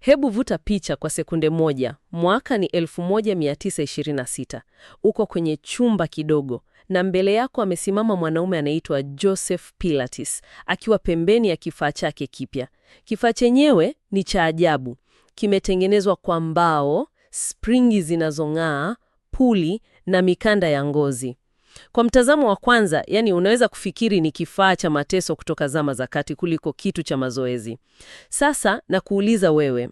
Hebu vuta picha kwa sekunde moja. Mwaka ni 1926. Uko kwenye chumba kidogo na mbele yako amesimama mwanaume anaitwa Joseph Pilates akiwa pembeni ya kifaa chake kipya. Kifaa chenyewe ni cha ajabu, kimetengenezwa kwa mbao, springi zinazong'aa, puli na mikanda ya ngozi. Kwa mtazamo wa kwanza, yani unaweza kufikiri ni kifaa cha mateso kutoka zama za kati kuliko kitu cha mazoezi. Sasa na kuuliza wewe,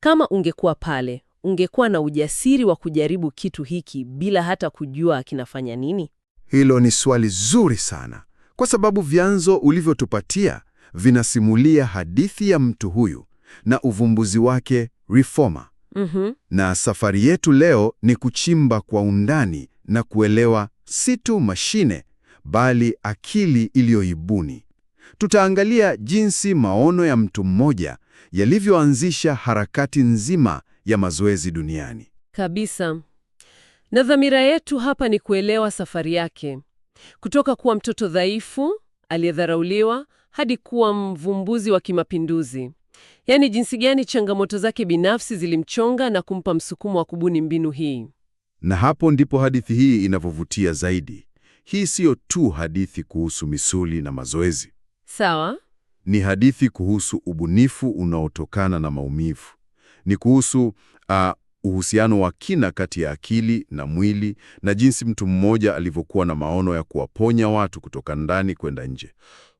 kama ungekuwa pale, ungekuwa na ujasiri wa kujaribu kitu hiki bila hata kujua kinafanya nini? Hilo ni swali zuri sana, kwa sababu vyanzo ulivyotupatia vinasimulia hadithi ya mtu huyu na uvumbuzi wake reformer. Mm -hmm. Na safari yetu leo ni kuchimba kwa undani na kuelewa si tu mashine, bali akili iliyoibuni. Tutaangalia jinsi maono ya mtu mmoja yalivyoanzisha harakati nzima ya mazoezi duniani. Kabisa. Na dhamira yetu hapa ni kuelewa safari yake, kutoka kuwa mtoto dhaifu aliyedharauliwa hadi kuwa mvumbuzi wa kimapinduzi. Yaani jinsi gani changamoto zake binafsi zilimchonga na kumpa msukumo wa kubuni mbinu hii. Na hapo ndipo hadithi hii inavyovutia zaidi. Hii siyo tu hadithi kuhusu misuli na mazoezi. Sawa. Ni hadithi kuhusu ubunifu unaotokana na maumivu. Ni kuhusu uh, uhusiano wa kina kati ya akili na mwili na jinsi mtu mmoja alivyokuwa na maono ya kuwaponya watu kutoka ndani kwenda nje.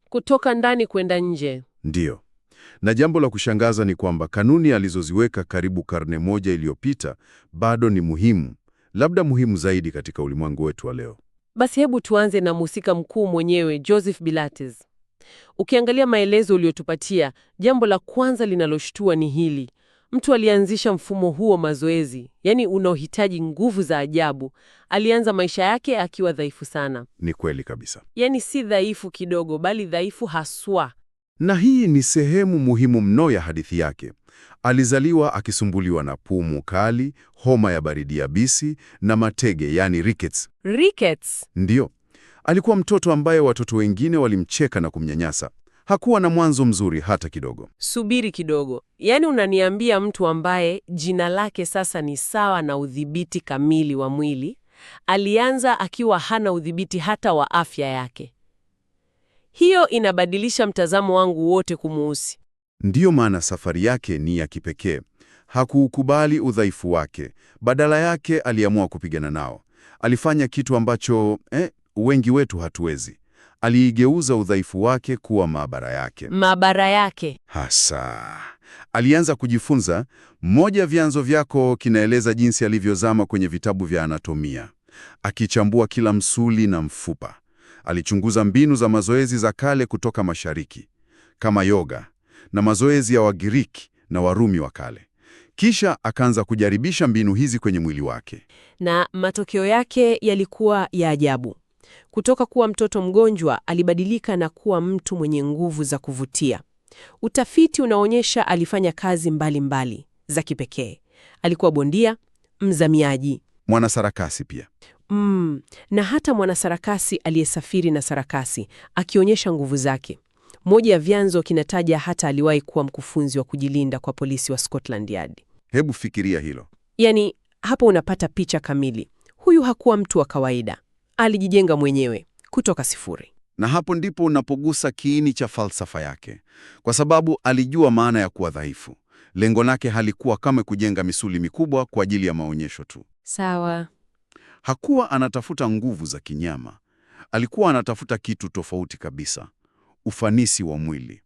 Kutoka ndani kwenda nje. Ndiyo. Na jambo la kushangaza ni kwamba kanuni alizoziweka karibu karne moja iliyopita bado ni muhimu labda muhimu zaidi katika ulimwengu wetu wa leo. Basi hebu tuanze na mhusika mkuu mwenyewe Joseph bilates Ukiangalia maelezo uliyotupatia, jambo la kwanza linaloshtua ni hili: mtu alianzisha mfumo huo wa mazoezi, yaani unaohitaji nguvu za ajabu. Alianza maisha yake akiwa dhaifu sana. Ni kweli kabisa, yaani si dhaifu kidogo, bali dhaifu haswa, na hii ni sehemu muhimu mno ya hadithi yake. Alizaliwa akisumbuliwa na pumu kali, homa ya baridi yabisi na matege, yani rickets. Rickets. Ndiyo. Alikuwa mtoto ambaye watoto wengine walimcheka na kumnyanyasa. Hakuwa na mwanzo mzuri hata kidogo. Subiri kidogo, yaani unaniambia mtu ambaye jina lake sasa ni sawa na udhibiti kamili wa mwili alianza akiwa hana udhibiti hata wa afya yake? Hiyo inabadilisha mtazamo wangu wote kumuhusi. Ndiyo maana safari yake ni ya kipekee. Hakuukubali udhaifu wake, badala yake aliamua kupigana nao. Alifanya kitu ambacho eh, wengi wetu hatuwezi. Aliigeuza udhaifu wake kuwa maabara yake, maabara yake hasa. Alianza kujifunza. Mmoja ya vyanzo vyako kinaeleza jinsi alivyozama kwenye vitabu vya anatomia, akichambua kila msuli na mfupa. Alichunguza mbinu za mazoezi za kale kutoka Mashariki, kama yoga na mazoezi ya Wagiriki na Warumi wa kale. Kisha akaanza kujaribisha mbinu hizi kwenye mwili wake, na matokeo yake yalikuwa ya ajabu. Kutoka kuwa mtoto mgonjwa alibadilika na kuwa mtu mwenye nguvu za kuvutia. Utafiti unaonyesha alifanya kazi mbalimbali mbali za kipekee. Alikuwa bondia, mzamiaji, mwanasarakasi pia mm, na hata mwanasarakasi aliyesafiri na sarakasi, akionyesha nguvu zake. Moja ya vyanzo kinataja hata aliwahi kuwa mkufunzi wa kujilinda kwa polisi wa Scotland Yard. Hebu fikiria hilo. Yaani, hapo unapata picha kamili. Huyu hakuwa mtu wa kawaida, alijijenga mwenyewe kutoka sifuri. Na hapo ndipo unapogusa kiini cha falsafa yake, kwa sababu alijua maana ya kuwa dhaifu. Lengo lake halikuwa kama kujenga misuli mikubwa kwa ajili ya maonyesho tu. Sawa. Hakuwa anatafuta nguvu za kinyama, alikuwa anatafuta kitu tofauti kabisa ufanisi wa mwili.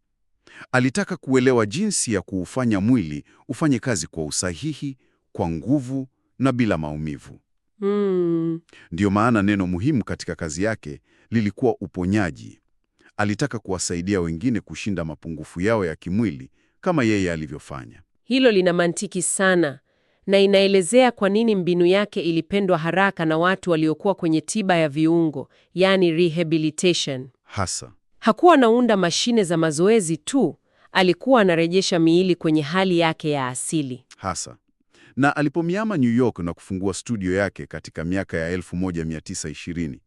Alitaka kuelewa jinsi ya kuufanya mwili ufanye kazi kwa usahihi, kwa nguvu na bila maumivu. Mm. Ndiyo maana neno muhimu katika kazi yake lilikuwa uponyaji. Alitaka kuwasaidia wengine kushinda mapungufu yao ya kimwili kama yeye alivyofanya. Hilo lina mantiki sana na inaelezea kwa nini mbinu yake ilipendwa haraka na watu waliokuwa kwenye tiba ya viungo, yani rehabilitation. Hasa Hakuwa anaunda mashine za mazoezi tu, alikuwa anarejesha miili kwenye hali yake ya asili hasa. Na alipomiama New York na kufungua studio yake katika miaka ya 1920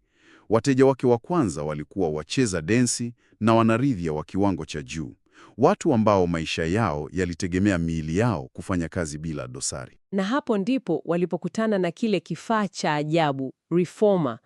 wateja wake wa kwanza walikuwa wacheza densi na wanaridhia wa kiwango cha juu, watu ambao maisha yao yalitegemea miili yao kufanya kazi bila dosari. Na hapo ndipo walipokutana na kile kifaa cha ajabu reformer.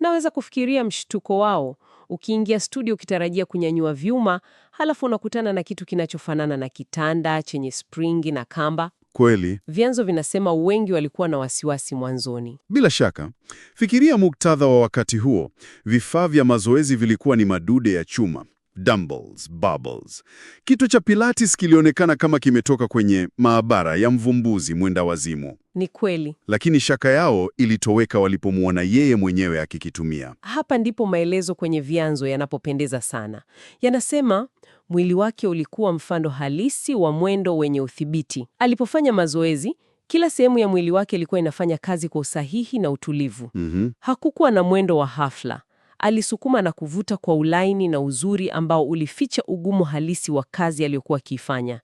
Naweza kufikiria mshtuko wao Ukiingia studio ukitarajia kunyanyua vyuma, halafu unakutana na kitu kinachofanana na kitanda chenye springi na kamba. Kweli, vyanzo vinasema wengi walikuwa na wasiwasi mwanzoni. Bila shaka, fikiria muktadha wa wakati huo. Vifaa vya mazoezi vilikuwa ni madude ya chuma, dumbbells, bubbles. Kitu cha pilates kilionekana kama kimetoka kwenye maabara ya mvumbuzi mwenda wazimu. Ni kweli, lakini shaka yao ilitoweka walipomwona yeye mwenyewe akikitumia. Hapa ndipo maelezo kwenye vyanzo yanapopendeza sana. Yanasema mwili wake ulikuwa mfano halisi wa mwendo wenye uthibiti Alipofanya mazoezi, kila sehemu ya mwili wake ilikuwa inafanya kazi kwa usahihi na utulivu. mm -hmm. Hakukuwa na mwendo wa hafla. Alisukuma na kuvuta kwa ulaini na uzuri ambao ulificha ugumu halisi wa kazi aliyokuwa akiifanya.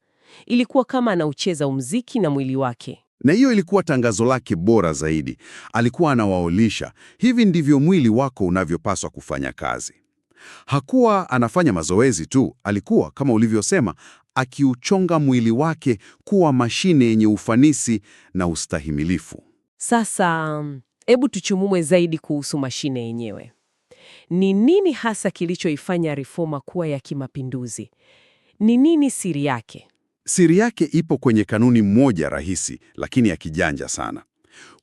Ilikuwa kama anaucheza umziki na mwili wake. Na hiyo ilikuwa tangazo lake bora zaidi. Alikuwa anawaolisha, hivi ndivyo mwili wako unavyopaswa kufanya kazi. Hakuwa anafanya mazoezi tu, alikuwa kama ulivyosema, akiuchonga mwili wake kuwa mashine yenye ufanisi na ustahimilifu. Sasa hebu tuchumue zaidi kuhusu mashine yenyewe. Ni nini hasa kilichoifanya reforma kuwa ya kimapinduzi? Ni nini siri yake? Siri yake ipo kwenye kanuni moja rahisi lakini ya kijanja sana: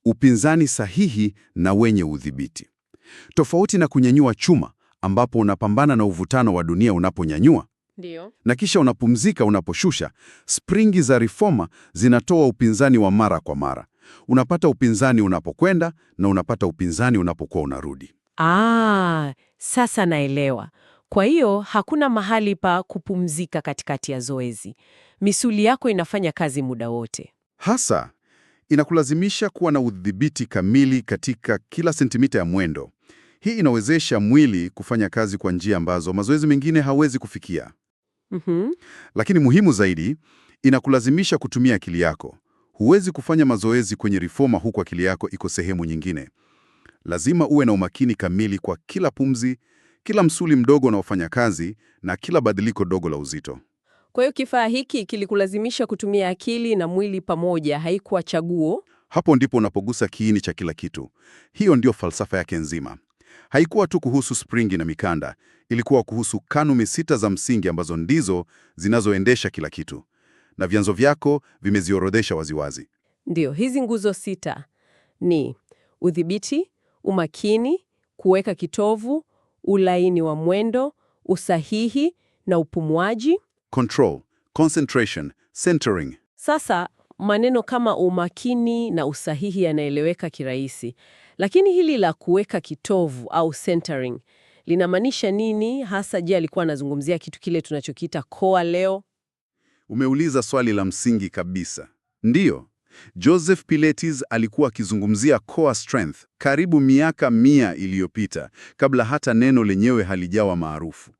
upinzani sahihi na wenye udhibiti. Tofauti na kunyanyua chuma ambapo unapambana na uvutano wa dunia unaponyanyua ndio, na kisha unapumzika unaposhusha, springi za reforma zinatoa upinzani wa mara kwa mara. Unapata upinzani unapokwenda na unapata upinzani unapokuwa unarudi. Ah, sasa naelewa. Kwa hiyo hakuna mahali pa kupumzika katikati ya zoezi misuli yako inafanya kazi muda wote. Hasa inakulazimisha kuwa na udhibiti kamili katika kila sentimita ya mwendo. Hii inawezesha mwili kufanya kazi kwa njia ambazo mazoezi mengine hawezi kufikia. Mm -hmm. Lakini muhimu zaidi, inakulazimisha kutumia akili yako. Huwezi kufanya mazoezi kwenye reformer huku akili yako iko sehemu nyingine. Lazima uwe na umakini kamili kwa kila pumzi, kila msuli mdogo unaofanya kazi na kila badiliko dogo la uzito. Kwa hiyo kifaa hiki kilikulazimisha kutumia akili na mwili pamoja, haikuwa chaguo. Hapo ndipo unapogusa kiini cha kila kitu. Hiyo ndiyo falsafa yake nzima. Haikuwa tu kuhusu springi na mikanda, ilikuwa kuhusu kanuni sita za msingi ambazo ndizo zinazoendesha kila kitu, na vyanzo vyako vimeziorodhesha waziwazi. ndio hizi nguzo sita ni udhibiti, umakini, kuweka kitovu, ulaini wa mwendo, usahihi na upumuaji, control, concentration, centering. Sasa maneno kama umakini na usahihi yanaeleweka kirahisi, lakini hili la kuweka kitovu au centering linamaanisha nini hasa? Je, alikuwa anazungumzia kitu kile tunachokiita koa leo? Umeuliza swali la msingi kabisa. Ndiyo, Joseph Pilates alikuwa akizungumzia core strength karibu miaka mia iliyopita kabla hata neno lenyewe halijawa maarufu.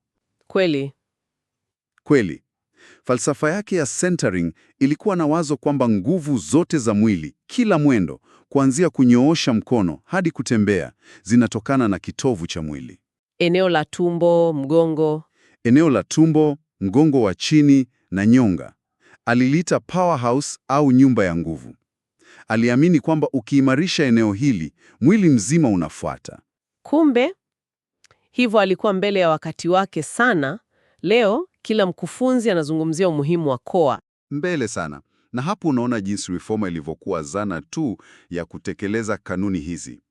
Kweli kweli, Falsafa yake ya centering ilikuwa na wazo kwamba nguvu zote za mwili, kila mwendo, kuanzia kunyoosha mkono hadi kutembea, zinatokana na kitovu cha mwili, eneo la tumbo, mgongo, eneo la tumbo, mgongo wa chini na nyonga. Aliliita powerhouse au nyumba ya nguvu. Aliamini kwamba ukiimarisha eneo hili, mwili mzima unafuata. Kumbe hivyo alikuwa mbele ya wakati wake sana. Leo kila mkufunzi anazungumzia umuhimu wa koa mbele sana, na hapo unaona jinsi reforma ilivyokuwa zana tu ya kutekeleza kanuni hizi.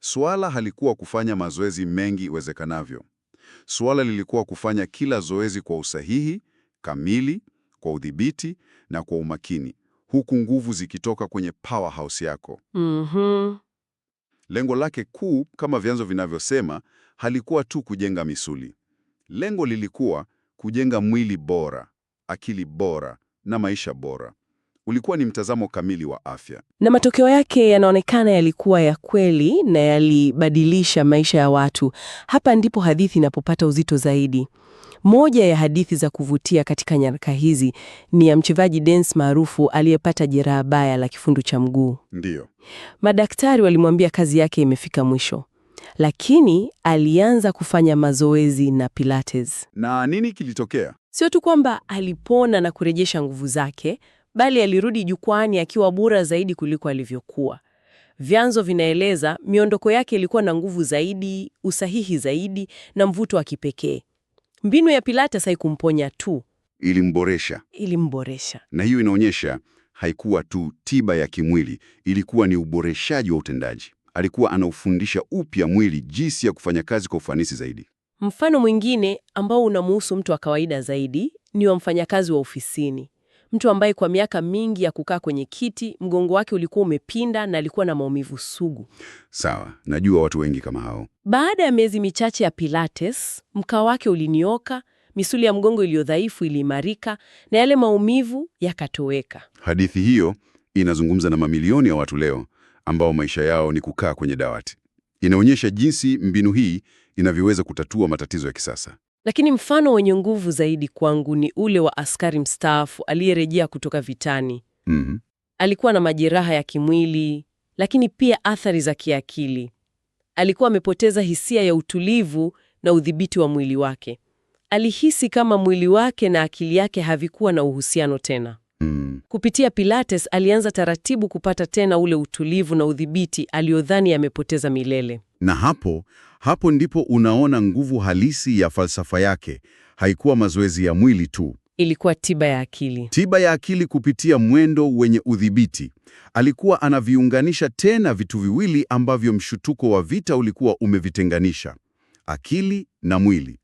Suala halikuwa kufanya mazoezi mengi iwezekanavyo. Suala lilikuwa kufanya kila zoezi kwa usahihi kamili, kwa udhibiti na kwa umakini, huku nguvu zikitoka kwenye powerhouse yako. mm -hmm. Lengo lake kuu, kama vyanzo vinavyosema, halikuwa tu kujenga misuli. Lengo lilikuwa kujenga mwili bora, akili bora na maisha bora. Ulikuwa ni mtazamo kamili wa afya, na matokeo yake yanaonekana yalikuwa ya kweli na yalibadilisha maisha ya watu. Hapa ndipo hadithi inapopata uzito zaidi. Moja ya hadithi za kuvutia katika nyaraka hizi ni ya mchezaji dance maarufu aliyepata jeraha baya la kifundo cha mguu. Ndiyo, madaktari walimwambia kazi yake imefika mwisho, lakini alianza kufanya mazoezi na Pilates. Na nini kilitokea? Sio tu kwamba alipona na kurejesha nguvu zake, bali alirudi jukwani akiwa bora zaidi kuliko alivyokuwa. Vyanzo vinaeleza miondoko yake ilikuwa na nguvu zaidi, usahihi zaidi na mvuto wa kipekee. Mbinu ya Pilates haikumponya tu, ilimboresha. Ilimboresha. Na hiyo inaonyesha haikuwa tu tiba ya kimwili, ilikuwa ni uboreshaji wa utendaji alikuwa anaufundisha upya mwili jinsi ya kufanya kazi kwa ufanisi zaidi. Mfano mwingine ambao unamuhusu mtu wa kawaida zaidi ni wa mfanyakazi wa ofisini, mtu ambaye kwa miaka mingi ya kukaa kwenye kiti mgongo wake ulikuwa umepinda na alikuwa na maumivu sugu. Sawa, najua watu wengi kama hao. Baada ya miezi michache ya Pilates, mkao wake ulinioka, misuli ya mgongo iliyodhaifu iliimarika na yale maumivu yakatoweka. Hadithi hiyo inazungumza na mamilioni ya watu leo ambao maisha yao ni kukaa kwenye dawati. Inaonyesha jinsi mbinu hii inavyoweza kutatua matatizo ya kisasa. Lakini mfano wenye nguvu zaidi kwangu ni ule wa askari mstaafu aliyerejea kutoka vitani. mm -hmm. Alikuwa na majeraha ya kimwili, lakini pia athari za kiakili. Alikuwa amepoteza hisia ya utulivu na udhibiti wa mwili wake. Alihisi kama mwili wake na akili yake havikuwa na uhusiano tena. Mm. Kupitia Pilates alianza taratibu kupata tena ule utulivu na udhibiti aliyodhani amepoteza milele. Na hapo hapo ndipo unaona nguvu halisi ya falsafa yake. Haikuwa mazoezi ya mwili tu, ilikuwa tiba ya akili. Tiba ya akili kupitia mwendo wenye udhibiti. Alikuwa anaviunganisha tena vitu viwili ambavyo mshutuko wa vita ulikuwa umevitenganisha, akili na mwili.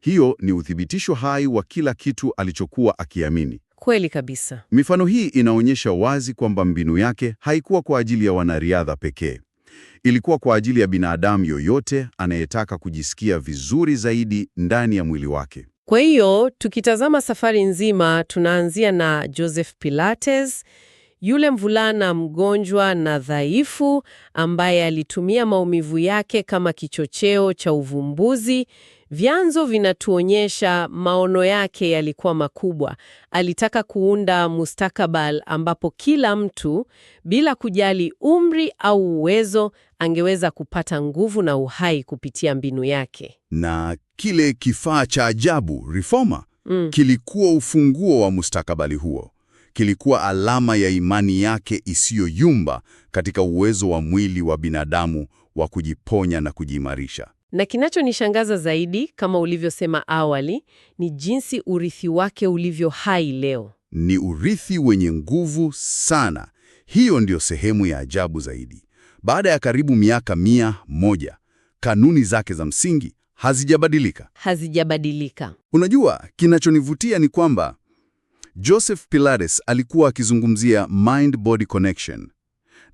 Hiyo ni uthibitisho hai wa kila kitu alichokuwa akiamini. Kweli kabisa. Mifano hii inaonyesha wazi kwamba mbinu yake haikuwa kwa ajili ya wanariadha pekee. Ilikuwa kwa ajili ya binadamu yoyote anayetaka kujisikia vizuri zaidi ndani ya mwili wake. Kwa hiyo tukitazama safari nzima, tunaanzia na Joseph Pilates, yule mvulana mgonjwa na dhaifu ambaye alitumia maumivu yake kama kichocheo cha uvumbuzi, Vyanzo vinatuonyesha maono yake yalikuwa makubwa. Alitaka kuunda mustakabal ambapo kila mtu bila kujali umri au uwezo angeweza kupata nguvu na uhai kupitia mbinu yake. Na kile kifaa cha ajabu Reforma mm, kilikuwa ufunguo wa mustakabali huo. Kilikuwa alama ya imani yake isiyoyumba katika uwezo wa mwili wa binadamu wa kujiponya na kujiimarisha. Na kinachonishangaza zaidi, kama ulivyosema awali, ni jinsi urithi wake ulivyo hai leo. Ni urithi wenye nguvu sana. Hiyo ndiyo sehemu ya ajabu zaidi. Baada ya karibu miaka mia moja, kanuni zake za msingi hazijabadilika, hazijabadilika. Unajua, kinachonivutia ni kwamba Joseph Pilates alikuwa akizungumzia mind body connection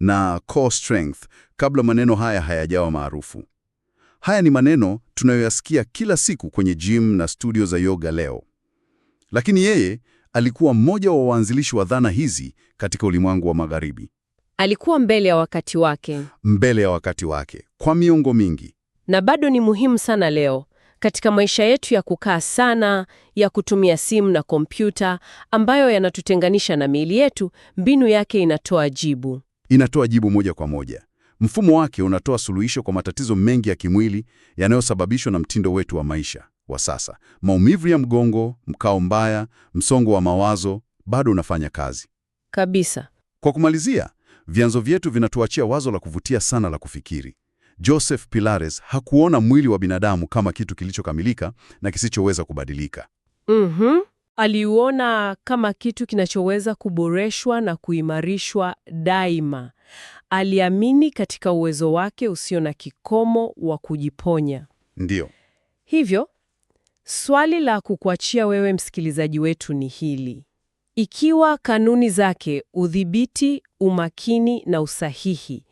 na core strength kabla maneno haya hayajawa maarufu. Haya ni maneno tunayoyasikia kila siku kwenye gym na studio za yoga leo, lakini yeye alikuwa mmoja wa waanzilishi wa dhana hizi katika ulimwengu wa Magharibi. Alikuwa mbele ya wakati wake, mbele ya wakati wake kwa miongo mingi, na bado ni muhimu sana leo katika maisha yetu ya kukaa sana, ya kutumia simu na kompyuta ambayo yanatutenganisha na miili yetu. Mbinu yake inatoa jibu, inatoa jibu moja kwa moja. Mfumo wake unatoa suluhisho kwa matatizo mengi ya kimwili yanayosababishwa na mtindo wetu wa maisha wa sasa. Maumivu ya mgongo, mkao mbaya, msongo wa mawazo, bado unafanya kazi kabisa. Kwa kumalizia, vyanzo vyetu vinatuachia wazo la kuvutia sana la kufikiri. Joseph Pilares hakuona mwili wa binadamu kama kitu kilichokamilika na kisichoweza kubadilika. Mm -hmm. Aliuona kama kitu kinachoweza kuboreshwa na kuimarishwa daima. Aliamini katika uwezo wake usio na kikomo wa kujiponya. ndio Hivyo, swali la kukuachia wewe msikilizaji wetu ni hili. Ikiwa kanuni zake, udhibiti, umakini na usahihi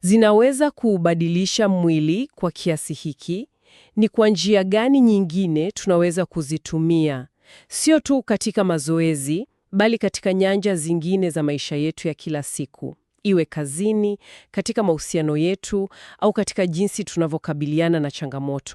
zinaweza kuubadilisha mwili kwa kiasi hiki, ni kwa njia gani nyingine tunaweza kuzitumia, sio tu katika mazoezi, bali katika nyanja zingine za maisha yetu ya kila siku? iwe kazini, katika mahusiano yetu, au katika jinsi tunavyokabiliana na changamoto.